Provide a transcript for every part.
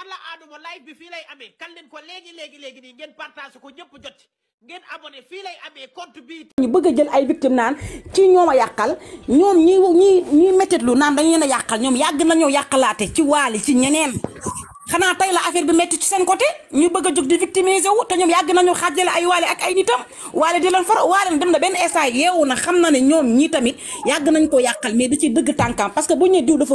alla aaduma live bi fii lay amee kan leen ko léegi léegi léegi nii ngeen partage ko ñëpp jot ngeen abonné fii lay amee compte bi ñu bëgg a jël ay victime naan ci ñoom a yàqal ñoom ñi ñi ñiy méttit naan dañu leen a yàqal ñoom yàgg nañoo yàqalaate ci waali ci ñeneen xanaa tey la affaire bi métti ci seen côté ñu bëgg a jóg di victimiser wu te ñoom yàgg nañu xaajale ay waale ak ay nitam waale di leen far waale dem na benn instant yeewu na xam na ne ñoom ñii tamit yàgg nañ ko yàqal mais da ciy dëgg tànkam parce que bu ñu diw dafa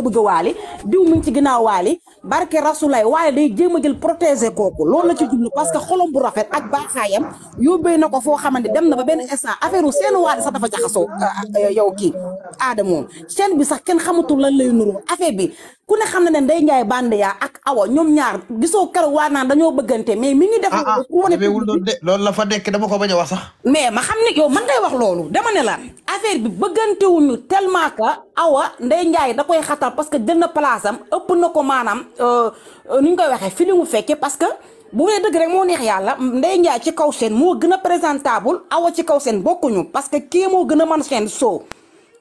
a waale day jéem a jël protéger kooku loolu la ci jublu parce que xolom bu rafet ak baaxaayam yóbbee na ko foo xamante dem na ba benn instant affaire u seen waale sax dafa jaxasoo ah, ah, eh, yow kii aada moom seen bi sax kenn xamatul lan lay nuru affaire bi ku ne xam na ne nday njaay band yaa ak awa ñoom ñaar gisoo keroog waa naan dañoo bëggantee mais mi ngi def ah, ah, loolu la fa nekk dama ko bañ a wax sax mais ma xam ne yow man ngay wax loolu dama ne la affaire bi bëggante wuñu tellement que awa Ndeye Ndiaye da koy xatal parce que jël na place ëpp na ko maanaam euh, nu ñu koy waxee filimu fekke parce que bu dee dëgg rek moo neex yàlla Ndeye Ndiaye ci kaw seen moo gën a présentable awa ci kaw seen bokkuñu parce que kii moo gën a man seen soo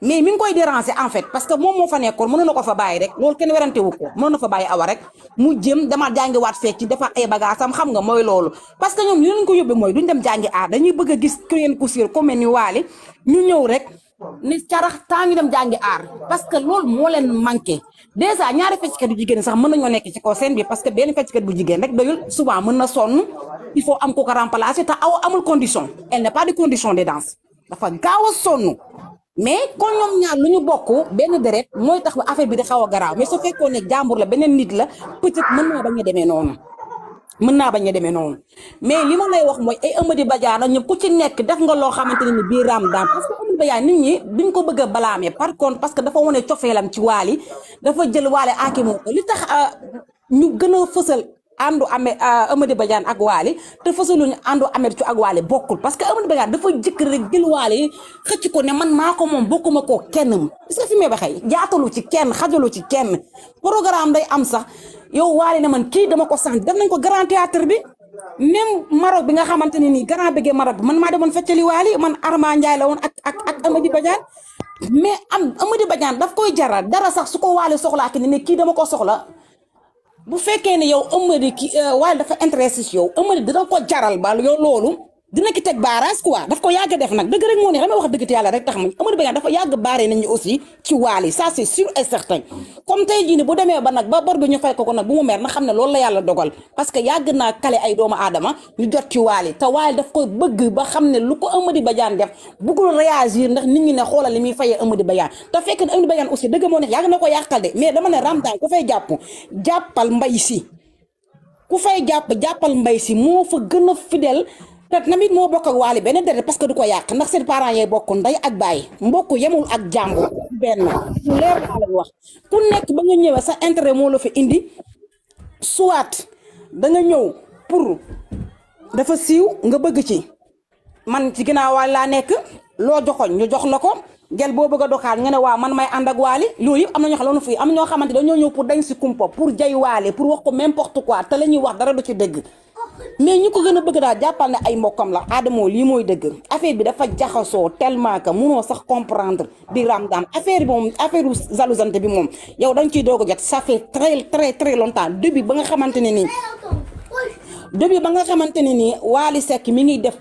mais mi ngi koy déranger en fait parce que moom moo fa nekkoon mënoon na ko fa bàyyi rek loolu kenn werante wu ko mënoon fa bàyyi awa rek mu jëm dama jàngiwaat fecc ci defar ay bagage am xam nga mooy loolu parce que ñoom ñu ko yóbbee mooy duñ dem jàngi aar a gis keneen ku siir comme ni waali ñu ñëw rek ni carax temps ñu dem jàngi aar parce que loolu moo leen manqué dèjà ñaari fecckat bu jigéen sax mën nañoo nekk ci kaw seen bi parce que benn fecckat bu jigéen rek doyul souvent mën na sonn il faut am ko ko remplacer te aw amul condition elle n'est pas de condition gaaw a mais kon ñoom ñaar lu ñu bokk benn deret mooy tax ba affaire bi di xaw a garaaw mais su fekkoon ne jàmbur la beneen nit la peut-être mën naa bañ a demee noonu mën naa bañ a demee noonu mais li ma lay wax mooy ay di Amady Badiane ñoom ku ci nekk def nga loo xamante ne ni bii raam daan parce que Amady Badiane nit ñi duñ ko bëgg a balaamee par contre parce que dafa wane cofeelam ci waali dafa jël waale aaki moo li tax euh, ñu gën a fësal àndu ame euh, Amady Badiane ak Waly te fësaluñu àndu Ameth Thiou ak Waly bokkul parce que Amady Badiane dafa jëkk rek jël Waly xëcc ko ne man maa ko moom bokkuma koo kenn gis nga fi may waxee jaatalu ci kenn xajalu ci kenn programme day am sax yow Waly ne man kii dama ko sant def nañ ko grand théâtre bi même Maroc bi nga xamante ne nii grand bége Maroc bi man maa demoon feccali Waly man Arma Ndiaye la woon ak ak ak Amady Badiane mais am Amady Badiane daf koy jaral dara sax su ko Waly soxlaa ne kii dama ko soxla bu fekkee ne yow ëmmëri ki euh, waaye dafa intéressé si yow ëmmëri dina ko jaral baal yow loolu dina ki teg barrage quoi daf ko yàgg def nag dëgg rek moo ne damay wax dëgg te yàlla rek tax tey jii bu demee ba nag ba bor bi ko ko nag bu mu mer na xam ne loolu la yàlla dogal parce que yàgg naa kale ay doomu aadama ñu waal yi te ko bëgg ba xam ne lu ko Amadou Badiane def bëggul réagir ndax nit ñi ne xoolal li muy fayee Amadou Badiane te fekk ne Amadou Badiane aussi dëgg moo ne yàgg na ko yàqal de mais dama ne ramtaan ku fay jàpp jàppal mbay si ku fay jàpp jàppal mbay si moo fa gën a fidèle te tamit moo bokk ak waali benn deret parce que du ko yàq ndax seen parents yee bokk ndey ak baay mbokk yemul ak jàmbur benn lu leer laa wax ku nekk ba nga ñëwee sa intérêt moo la fa indi soit ñëw pour dafa nga bëgg ci man ci ginnaaw waali laa nekk loo joxoñ ñu jox la ko gel boo bëgg a doxaat nga ne waa man may ànd ak waali loolu yëpp am na ñoo xam ne ñoo xamante dañoo ñëw pour dañ si kumpa pour jay waali pour wax ko n'importe quoi te la ñuy wax dara du ci dëgg mais ñi ko gën a bëgg daal jàppal ne ay mbokkam la Adamo lii mooy dëgg affaire bi dafa jaxasoo tellement que munoo sax comprendre bi ram daan affaire bi moom affaire u jalousante bi moom yow dañ ciy doog a jot ça très très très longtemps depuis ba ne nii depuis ba nga xamante ne nii Wally Seck mi ngi def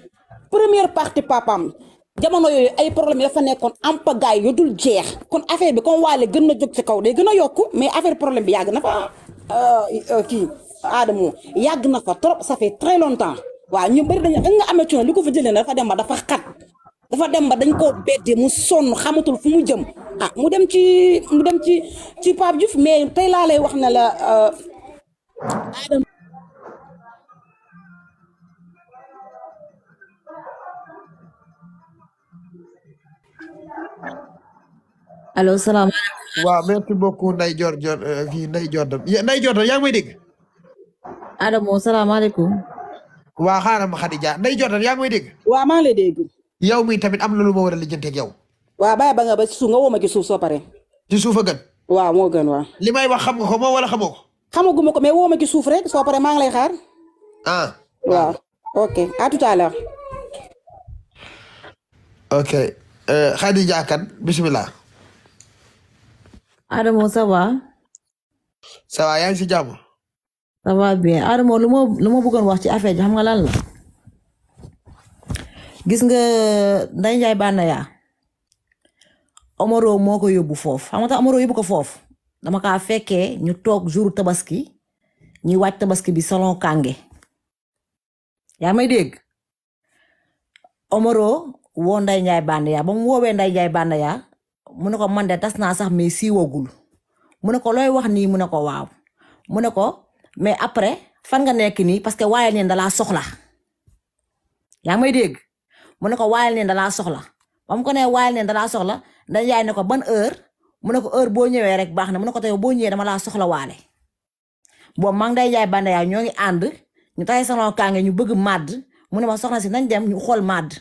première partie papam jamono yooyu ay problème dafa nekkoon am pagaay yu dul jeex kon affaire bi comme Wally gën na jóg ci kaw day gën a yokk mais affaire problème bi yàgg na fa euh, euh, kii Adamo yàgg na fa trop ça fait très longtemps waaw ñu bëri dañ nga amee coono li ko fa jëlee dafa dem ba dafa xat dafa dem ba dañ koo beddi mu sonn xamatul fu mu jëm ah mu dem ci mu dem ci ci Pape Diouf mais tey laa lay wax ne la euh, Adamo allo salaamaaleykum. waaw merci beaucoup Ndeye Dior Dior kii euh, Ndeye Dior Ndeye Dior yaa ngi may dégg. Adamo salaamaaleykum. waa xaaral ma Khadija nday jotal yaa ngi may dégg. waa maa ngi lay yow mii tamit am na lu ma war a lijjanteeg yow. waa bàyyi nga ba ci suuf nga soo paree. ci a gën. waaw moo gën waaw. li may wax xam nga ko moom wala xamoo ko. xamaguma ko mais woo ma ci suuf rek soo paree maa ngi xaar. ah. ok à tout ok euh, Khadija kan bisimilah. Adamo ça va. ça si jàmm. ça va bien Adamo ah, lu ma lu ma bëggoon wax ci affaire ji xam nga lan la gis nga Ndeye Ndiaye Banaya Omaro moo ko yóbbu foofu xam nga tax Omaro yóbbu ko foofu dama kaa fekkee ñu toog jur tabaski ñuy wàcc tabaski bi salon Kange yaa may dégg Omaro woo Ndeye Ndiaye Banaya ba mu woowee Ndeye Ndiaye Banaya mu ne ko man de naa sax mais siiwagul mu ne ko looy wax nii mu ne ko waaw mu ko. mais après fan nga nekk nii parce que waayal neen dalaa soxla yaa may dégg mu ne ko waayal neen dalaa soxla ba mu ko nee waayal neen dalaa soxla ndax yaay ne ko ban heure mu ne ko heure boo ñëwee rek baax na mu ne ko boo ñëwee dama laa soxla waale boobu maa ngi day jaay bande yaay ñoo ngi ànd ñu taxee salon kànge ñu bëgg màdd mu ne ma soxna si nañ dem ñu xool màdd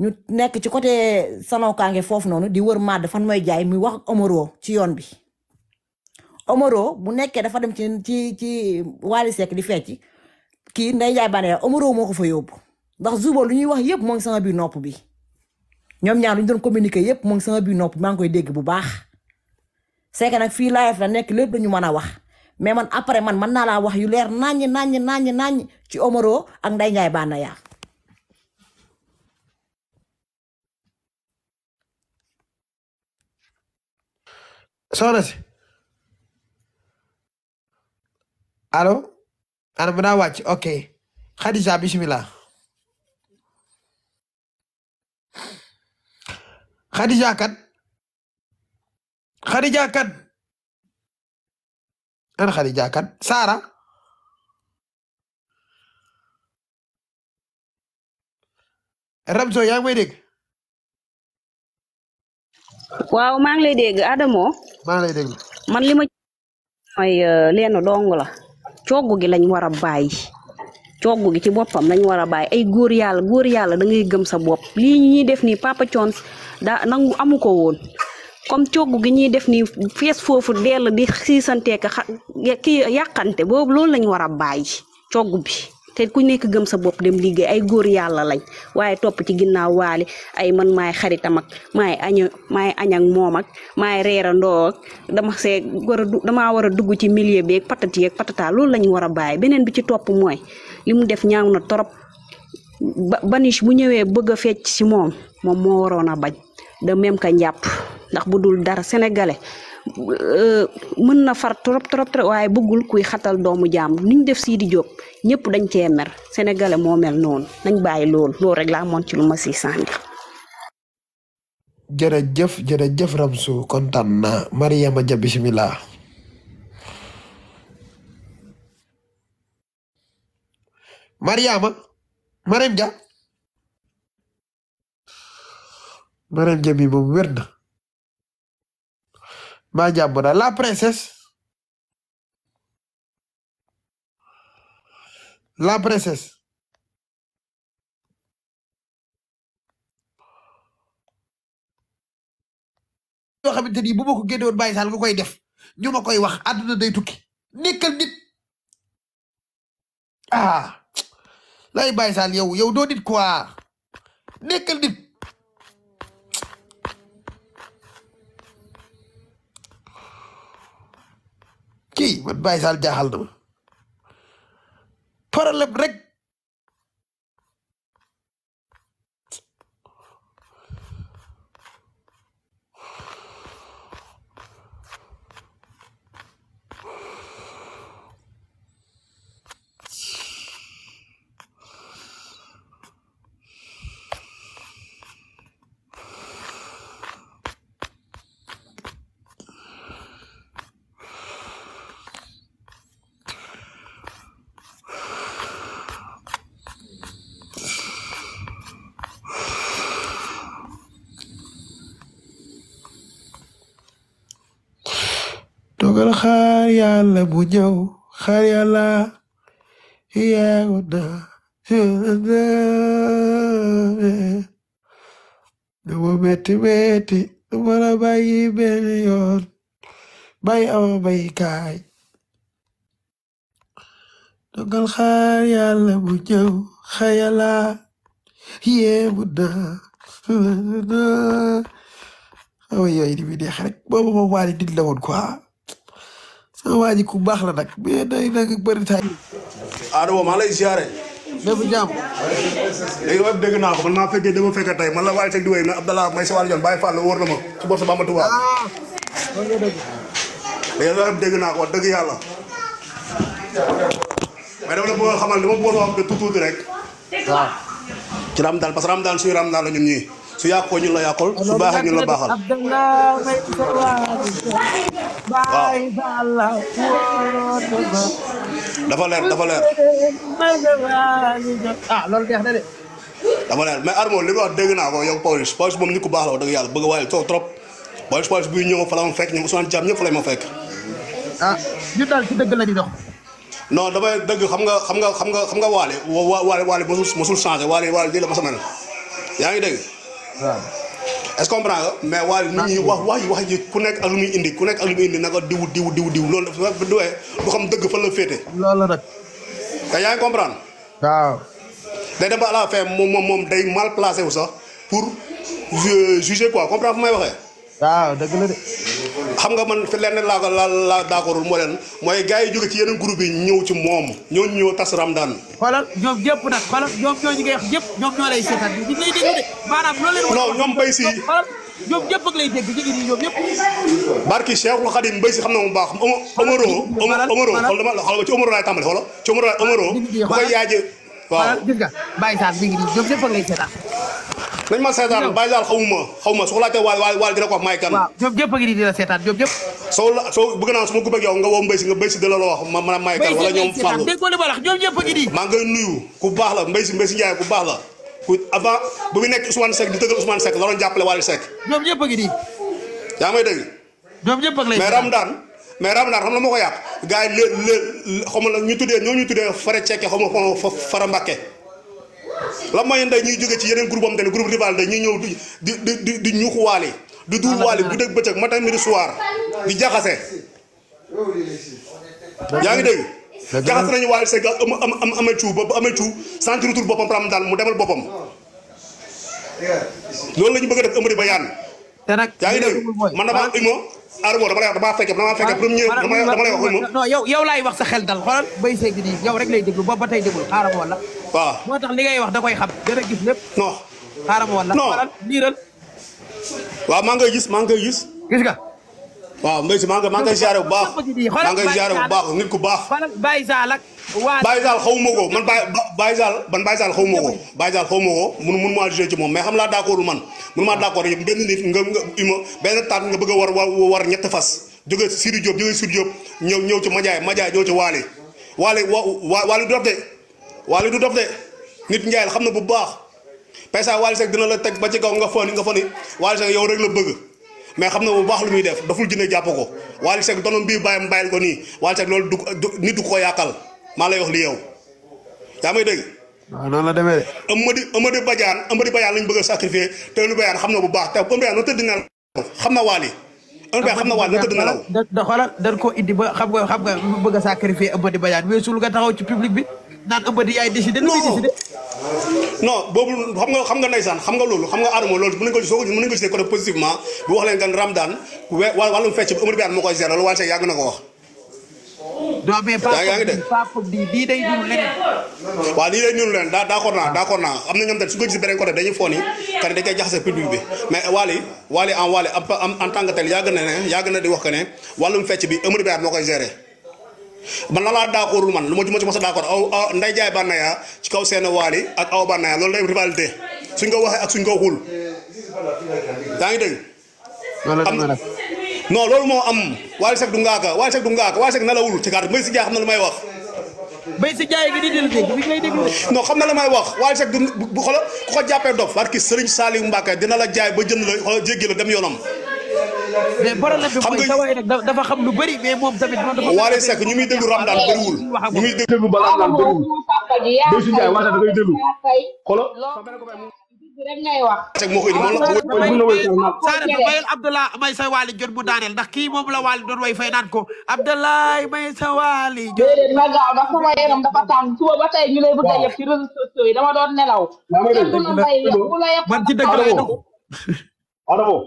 ñu nekk ci côté salon kànge foofu noonu di wër màdd fan mooy jaay muy wax amoroo ci yoon bi Omaro bu nekkee dafa dem ci ci ci Wally Seck di fecc kii Ndeye Ndiaye Banaya Omaro moo ko fa yóbbu ndax Zouba lu ñuy wax yëpp moo ngi sama nopp bi ñoom ñaar lu ñu doon communiquer yëpp moo ngi bi biir nopp maa ngi koy dégg bu baax. c'est que nag fii live la nekk lépp dañu mën a wax mais man après man mën naa laa wax yu leer naññ naññ naññ naññ ci Omaro ak Ndeye Ndiaye Banaya soxna allo ana bu naa wàcc ok Khadija bismillah Khadija kan Khadija kan ana Khadija kan Sara Ramzo yaa may dégg waaw maa ngi lay dégg Adamo maa ngi lay dégg man li ma euh, dong la coggu gi lañ war a bàyyi coggu gi ci boppam lañ war a bàyyi ay góor yàlla góor yàlla da ngay gëm sa bopp lii ñuy def nii papa coon daa nangu amu ko woon comme coggu gi ñuy def nii fees foofu dell di siisanteeka kii yàqante boobu loolu lañ war a bàyyi coggu bi te ku nekk gëm sa bopp dem liggéey ay góor yàlla lañ waaye topp ci ginnaaw waali ay man maay xaritam ak maay añu maay añ ak moom ak maay reerandoo ak dama see war a dugg ci millier beeg patati ak patata loolu lañ war a bàyyi beneen bi ci topp mooy li mu def ñaaw na trop ba banish bu ñëwee bëgg a fecc si moom moom moo waroon a bañ de même njàpp ndax bu dul dara sénégalais Euh, mën na far trop trop waaye bëggul kuy xatal doomu jàmbur ni def Sidi Diop ñëpp dañ cee mer sénégalais moo mel noonu nañ bàyyi loolu loolu moon ci lu ma siy sànni. jërëjëf jërëjëf Ramsu kontaan na Ja bismillah. Mariama Mariam Ja Mariam Ja bi moom wér na. ma Majambura, la princesse. La princesse. yoo xamante ni bu ma ko génnoon bàyyi koy def ñu koy wax àdduna day tukki nekkal nit ah lay bàyyi yow yow doo nit quoi nit. kii man Baye Sall jaaxal na ma problème rek toogal xaar yàlla bu ñëw xaar yàlla yeewu na lu mu metti metti lu mu la bàyyi benn yoon bay awa bay kaay toogal xaar yàlla bu ñëw xaar yàlla yeewu na awa yooyu di bi neex rek boobu moom waa di la woon quoi Ah, waa ji baax la nag mais day nag bëri taay. Adama maa lay siyaare. lépp jàmm. léegi wax dëgg naa ko man maa fekkee dama fekk tey man la waaye teg di wéy na Abdallah may sa wàllu yoon bàyyi Fall wóor na ma ma tubaab. Ah, léegi wax dëgg naa ko wax dëgg yàlla. mais dama la bëgg a xamal li ma bëggoon wax de tout tuuti rek. waaw. ci Ramadan parce que Ramadan suñu Ramadan la ñun ñii. su yàqoo ñu la yàqal su baaxee ñu la baaxal. waaw. dafa leer dafa leer. Ah, na de. dafa leer mais Armo li ma wax dëgg naa ko yow Pawlish Pawlish moom nit ku baax la wax dëgg yàlla bëgg waaye trop trop Pawlish Pawlish buy ñëw fa la fekk ñoom Ousmane Thiam ñëpp fa la ma fekk. ah ñu daal ci dëgg la di dox. non damay dëgg xam nga xam nga xam nga xam nga waale wa waale waale mosul mosul changé waale waale lii la ma sa yaa ngi dégg. est-ce que comprends nga mais waaye nit ñi wax wax wax ji ku nekk ak lu muy indi ku nekk ak lu muy indi nag naka diw diw diw diw loolu dafa du xam dëgg fan la féete. loolu rek. te yaa ngi day dem ba à la moom moom day mal placé wu sax pour juger quoi comprendre fu may waxe waaw dëgg de. xam nga man fi lenn laa ko laa laa d'accordul moo mooy gars yi jóge ci yeneen groupe yi ñëw ci moom ñoo ñëw tas Ramdan. xoolal ñoom ñëpp nag xoolal ñoom ñooñu ngay wax ñëpp ñoom ñoom bay si ñoom ñëpp ak lay dégg ñu ngi nii Barki Cheikhul Khadim Mbaye si xam na mu baax Omaro Omaro xool dama xool ci Omaro laay tàmbale xoolal ci Omaro laay Omaro bu koy yaajee waaw gis nga Baye Sarr mi ngi nii nañ ma seetaan bàyyi daal xaw ma xaw ma su ko laajtee waal waal waal dina ko wax maay kan. waaw Diop jëpp a ngi di la seetaan Diop jëpp. soo la soo bëgg naa su ma gubbeeg yow nga woo Mbaye si nga Mbaye si dala la wax ma maay kan wala ñoom Fallou ku baax la Mbaye si Mbaye si ku baax la ku avant bu mu nekk Ousmane Seck di tëggal Ousmane Seck la doon jàppale Wally Seck. Diop jëpp a di. yaa may dégg. Diop jëpp ak lay mais Ramadane mais Ramadane xam la ma ko yàq gars yi lé lé xaw ma la ñu tuddee ñoo ñu tuddee fara cekke xaw ma fara la mooy nday ñuy jóge ci yeneen groupe am te ne groupe rival day ñuy ñëw di di di di ñuuxu waale di duul waale bu dëgg bëccëg matin midi soir di jaxase. yaa ngi dégg. jaxase nañu waale Seck am am am amee ciw ba amee ciw sentir tur boppam daal mu demal boppam. loolu la ñu bëgg a def ëmb ba yaan. yaa ngi dégg man damaa imo Adamo dama lay wax damaa fekke damaa fekke premier dama lay wax non yow yow laay wax sa xel dal xoolal bay seeg nii yow rek lay déglu boobu ba tey déglu xaaral ma wala waaw moo tax li ngay wax da koy xam dana gis lépp non xaaral ma wala non liiral waaw maa ngay gis maa ngay gis gis nga waaw mbay si maa nga maa ngay ziare bu baax maa ngay ziare bu baax nit ku baax bàyyi saalak waaw Baye Sall xaw ma ko man Baye Baye Sall xaw ma ko Baye xaw ma ko mun mun moom mais xam laa d'accordul man mun maa d'accord yëpp benn nit nga nga uma benn taat nga bëgg a war war ñetti fas jógee Sidi Diop jógee Sidi Diop ñëw ñëw ci Madiaye Madiaye ñëw ci Waly Waly wa Waly du dof de nit Ndiaye xam na bu baax pesa Waly Seck dina la teg ba ci kaw nga foni nga foni Waly Seck yow rek la bëgg mais xam na bu baax lu muy def daful jëne jàpp ko Waly Seck donoon bii bàyyam bàyyil ko nii Waly Seck loolu du nit du maa lay wax li yow yaa may dégg. waaw noonu la demee de. Amady Amady Badiane Amady Badiane lañ bëgg sacrifier te Amady Badiane xam na bu baax te Amady tëdd na xam na waali. Amady Badiane xam na waali tëdd da da xoolal dañ koo indi ba xam nga xam nga bëgg a sacrifier Amady Badiane weesu nga taxaw ci public bi naan Amady yaay décidé. non non boobu xam nga xam nga ndeysaan xam nga loolu xam nga Adama loolu mën nañu ko soo ko mën nañu ko gisee positivement bu wax leen gan Ramadan wàllum fecc bi Amady Badiane moo koy gérer loolu Wally Seck yàgg na ko wax non mais Pape Pape di lii day nuru leneen. waaw lii day nuru leneen d'accord naa d'accord naa am na ñoom tamit su ko gis beneen côté dañuy foog ni que dañ koy jaxase public bi mais Wally Wally en Wally en tant yàgg na ne yàgg na di wax que ne wàllum fecc bi Eumeudi Badiane moo koy gérer. man la laa d'accordul man lu ma ci ma ci mos a d'accord aw Ndeye Ndiaye Banaya ci kaw seen Wally ak aw Banaya loolu day rivalité suñ ko waxee ak suñ ko waxul. yaa ngi dégg. am non loolu moo am Wally Seck du ngaaka Wally Seck du ngaaka Wally Seck nalawul ci kàddu xam na lu may wax. Mbaye Sidya gi di dégg bi ngay xam na la may wax Wally Seck du ko jàppee dof barki Serigne Saliou Mbacke dina la jaay ba jënd la xoolal jéggi la dem yoonam. mais problème bi mooy sa waay dafa xam lu bëri mais moom tamit moom dafa. Wally Seck ñu muy ñu muy déglu ba Ramdan bëriwul. Mbaye Sidya waaye da ngay déglu xoolal. saara a bayal Abdallah may sa waali jot mu daaneel ndax kii moom la waali doon way fay naan ko Abdallah may sa waali jot ma gaaw ndax sama yaram dafa tàng suba ba tey ñu lay bëgg a yëpp ci réseaux sociaux yi dama doon nelaw man ci dëgg lay dox Adamo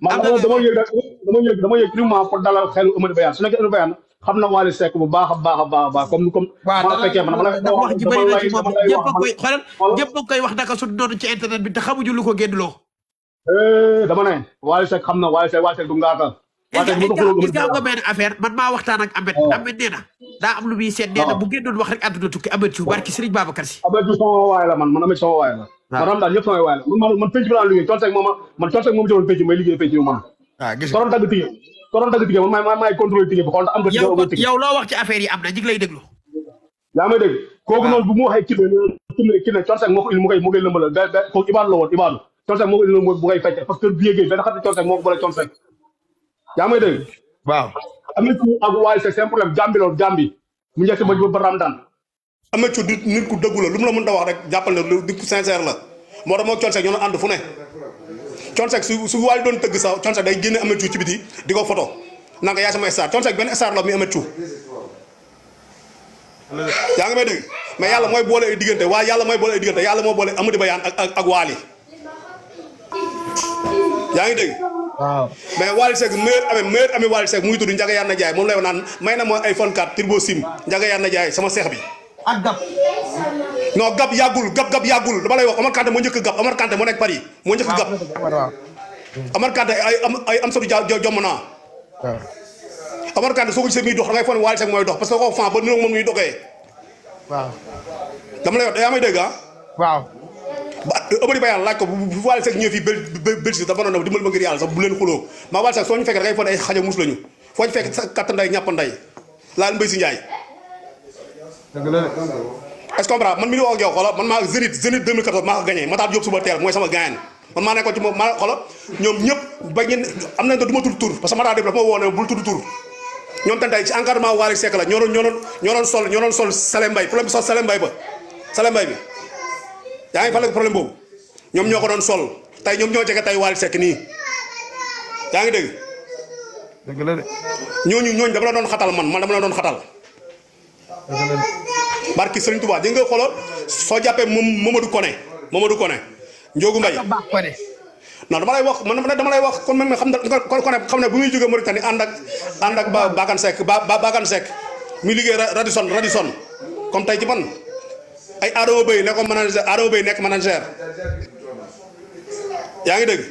dama yëg dama yëg dama yëg pour dalal xelu Amadou su nekkee Amadou Bayane xam na Wally Seck bu baax a baax a baax a baax comme comme. waaw dama fekkee man dama la wax na ci moom ñëpp a koy a koy wax naka su doon ci internet bi te xamuñu eh, xam na Wally Seck Wally Seck du ngaaka. Wally Seck mënu ko gis nga ko benn affaire man maa waxtaan ak Ameth oh. Ameth nee daa am lu muy seet nee na oh. bu wax rek àdduna tukki Ameth Diouf barki Serigne Babacar Si. Ameth Diouf sama waay la man man Ameth sama waay la. waaw man daal ñëpp samay waay la man man penc bi laa liggéey tontek moom man tontek moom jëloon penc ko doon dagg ticket man maay maay contrôler ticket bi am nga. yow loo wax ci affaire yi am na ñu ngi lay yaa may dégg kooku noonu bu mu waxee kii ne kii ne Thione Seck moo ko indi mu koy mu koy lëmbal da da kooku Ibaadu la woon Ibaadu Thione Seck moo ko indi parce que Bié Gueye benn xam ne moo ko boole yaa may dégg. waaw am ci ak waaye c'est un problème Gambie loolu Gambie mu njëkk ba ba Ramadan. am ci nit nit ku dëggu Thione Seck su su Wally doon tëgg sax Thione Seck day génne Ameth Thiou ci biti di ko photo naan ko yaay sama star Thione Seck benn star la mi Ameth Thiou yaa ngi may dëgg mais yàlla mooy boole ay diggante waaye yàlla mooy boole ay diggante moo boole Amady Bayane ak ak Wally yaa ngi dëgg waaw mais Wally Seck meilleur ami meilleur ami Wally Seck muy moom lay wax naan may na ma ay iPhone 4 turbo sim Ndiaga na Ndiaye sama seex bi. ak gab. non gab yàggul gab gab yàggul dama lay wax Omar Kanté moo njëkk gab Omar Kanté moo nekk moo njëkk gab. Omar Kanté ay am ay am sori ja jomm naa. waaw Omar soo ko gisee muy dox dangay foog mooy dox parce que ba niroog moom muy doxee. waaw. dama lay wax yaa may dégg ah. waaw. ba Amady Bayal laaj ko bu bu Wally Seck ñëwee fii Bel Belgique dafa doon dimbali ma ngir yàlla sax bu leen xuloo maa Wally Seck soo ñu fekkee dangay foog ne ay xaja lañu foo ñu fekk sa kattan day ñàpp nday laal mbay si Ndiaye. dëgg la est-ce que comprendre man mi ngi wax ak yow xoolal man maa Zénith Zénith 2014 maa ko gagné ma taal Diop suba teel mooy sama gaañ man maa nekkoon ci moom maa xoolal ñoom ñëpp ba ngeen am nañ ko du ma tudd tur parce que ma daa def dafa ma woo ne bul tudd tur ñoom tam tey ci encadrement Wally Seck la ñoo doon ñoo doon ñoo doon sol ñoo doon sol Sale Mbaye problème bi sol Sale Mbaye ba Sale Mbaye bi yaa ngi fàttaliku problème boobu ñoom ñoo ko doon sol tey ñoom ñoo jege tey Wally Seck nii yaa ngi dégg. dëgg la de ñooñu ñooñu dama la doon xatal man man dama la doon xatal barki Serigne Touba di nga xoolal soo jàppee moom Mamadou Koné Mamadou Koné Ndiogu Mbaye non dama lay wax man dama lay wax kon man xam nga kon Koné xam ne bu muy jógee Mauritanie ànd ak ànd ak ba Bakane Seck ba Bakane Seck muy liggéey Radisson Radisson comme tey ci man ay Adama Bay nekkoon manager Adama Bay nekk manager yaa ngi dégg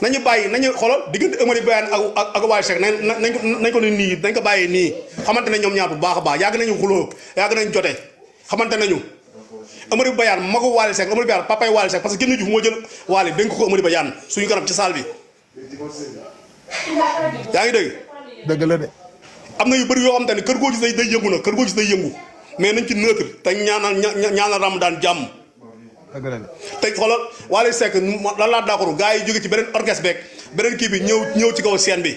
nañu bàyyi nañu xoolal diggante Amary Bayane ak ak ak Waly nañ nañ ko ko nii nañ ko bàyyee nii xamante ne ñoom ñaar bu baax a baax yàgg nañu xuloo yàgg nañu jote xamante nañu Amary Bayane magu Waly Seck Amary Bayane papay Waly Seck parce que génn Diouf moo jël Waly dénk ko Amary Bayane suñu kanam ci salle bi yaa ngi dégg. dëgg la am na yu bëri yoo xamante ne kër goo gis day yëngu na kër goo gis day yëngu mais nañ ci neutre te ñaanal ñaanal Ramadan jàmm. dëgg la de te xoolal Waly Seck lan laa d'accord gars yi jóge ci beneen orchestre beeg beneen kii bi ñëw ñëw ci kaw seen bi.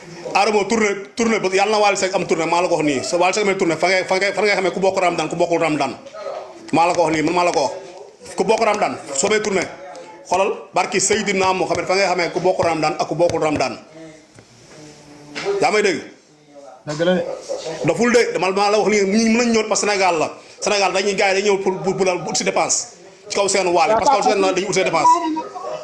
Adamo tournée tournée ba yàlla na Wally Seck am tournée maa la ko wax nii sa Wally Seck amee tournée fa ngay fa ngay fa ngay xamee ku bokk Ramadan ku ko wax ko wax ku bokk Ramadan soo may tournée xoolal barki Seydina Muhammad fa ngay xamee ku bokk Ramadan ak ku bokkul Ramadan yaa may dëgg de. daful de maa la wax nii ñi mën nañu ñëw parce que Sénégal la Sénégal dañuy gars yi dañuy ñëw pour pour pour ut si dépense ci kaw seen Wally parce que kaw seen dañuy ut si dépense.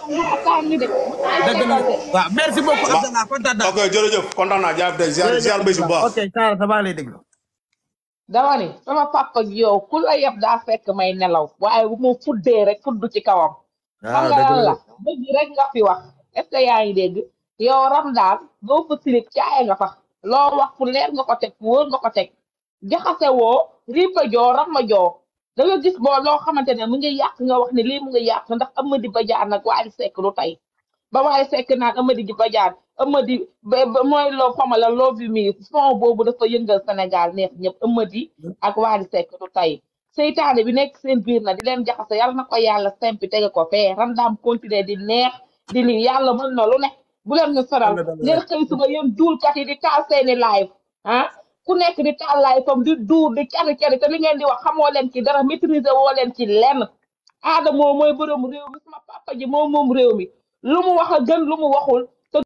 dëgg la waaw merci beaucoup Abdallah kontaan naa. ok jërëjëf kontaan naa jaay tey ziar ziar ok Saara damaa lay déglu. dama sama papa ak ku la yeb daa fekk may nelaw waaye bu ma fuddee rek fuddu ci kawam. Ah, xam nga lan la dëgg rek nga fi wax est ce yaa ngi dégg yow ram daal boo fa silib caaye nga fa loo wax fu leer nga ko teg fu wóor nga ko teg jaxase woo riipa joo rama joo. da nga gis boo loo xamante ne mu ngi yàq nga wax ne lii mu ngi yàq ndax Amady Badiane a Wally Seck lu tey ba Wally Seck naan Amady di Badiane Amady mooy loo xamala loo bi mi son boobu dafa yëngal Sénégal neex ñëpp Amady ak Wally Seck lu tey seytaane bi nekk seen biir na di leen jaxase yal na ko yàlla simpi tege ko fee Ramdam continuer di neex di li yàlla mën na lu ne bu leen ñu soral ngeen xëy suba di taal seeni live ah ku nekk di taal laay fam di duur di cari cari te li ngeen di wax xamoo leen ci dara maîtriser woo leen ci lenn aada moo mooy borom réew papa ji moom moom réew mi lu mu wax a gën lu mu waxul